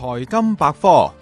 財經百科。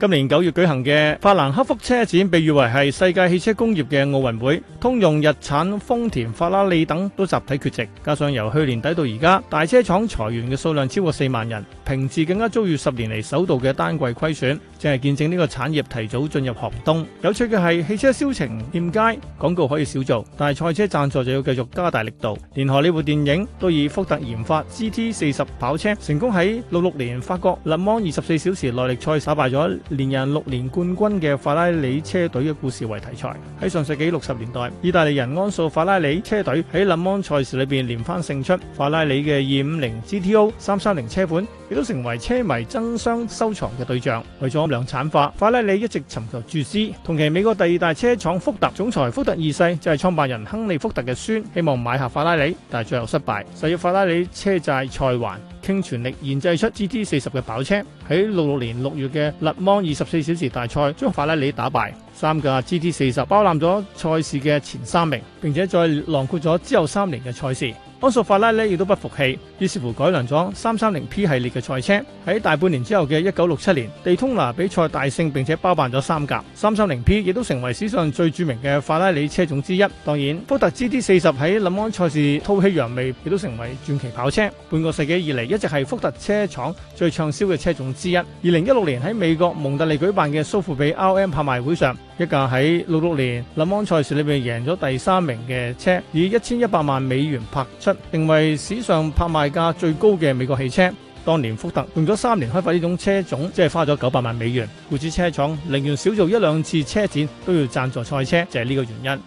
今年九月舉行嘅法蘭克福車展，被譽為係世界汽車工業嘅奧運會。通用、日產、豐田、法拉利等都集體缺席。加上由去年底到而家，大車廠裁，裁員嘅數量超過四萬人，平治更加遭遇十年嚟首度嘅單季虧損，正係見證呢個產業提早進入寒冬。有趣嘅係，汽車銷情欠佳，廣告可以少做，但係賽車贊助就要繼續加大力度。聯合呢部電影，都以福特研發 GT 四十跑車，成功喺六六年法國勒芒二十四小時耐力賽打敗咗連任六年冠軍嘅法拉利車隊嘅故事為題材，喺上世紀六十年代，意大利人安素法拉利車隊喺勒芒賽事裏邊連番勝出，法拉利嘅二五零 GTO 三三零車款亦都成為車迷爭相收藏嘅對象。為咗量產化，法拉利一直尋求注資，同期美國第二大車廠福特總裁福特二世就係創辦人亨利福特嘅孫，希望買下法拉利，但係最後失敗，誓要法拉利車債賽還。傾全力研製出 GT 四十嘅跑車，喺六六年六月嘅勒芒二十四小時大賽，將法拉利打敗。三架 GT 四十包攬咗賽事嘅前三名，並且再囊括咗之後三年嘅賽事。安素法拉利亦都不服氣，於是乎改良咗三三零 P 系列嘅賽車。喺大半年之後嘅一九六七年，地通拿比賽大勝，並且包辦咗三甲。三三零 P 亦都成為史上最著名嘅法拉利車種之一。當然，福特 GT 四十喺林安賽事吐氣揚眉，亦都成為傳奇跑車。半個世紀以嚟，一直係福特車廠最暢銷嘅車種之一。二零一六年喺美國蒙特利舉辦嘅蘇富比 RM 拍賣會上。一架喺六六年利曼賽事裏面贏咗第三名嘅車，以一千一百萬美元拍出，定為史上拍賣價最高嘅美國汽車。當年福特用咗三年開發呢種車種，即係花咗九百萬美元，故此車廠寧願少做一兩次車展，都要贊助賽車，就係呢個原因。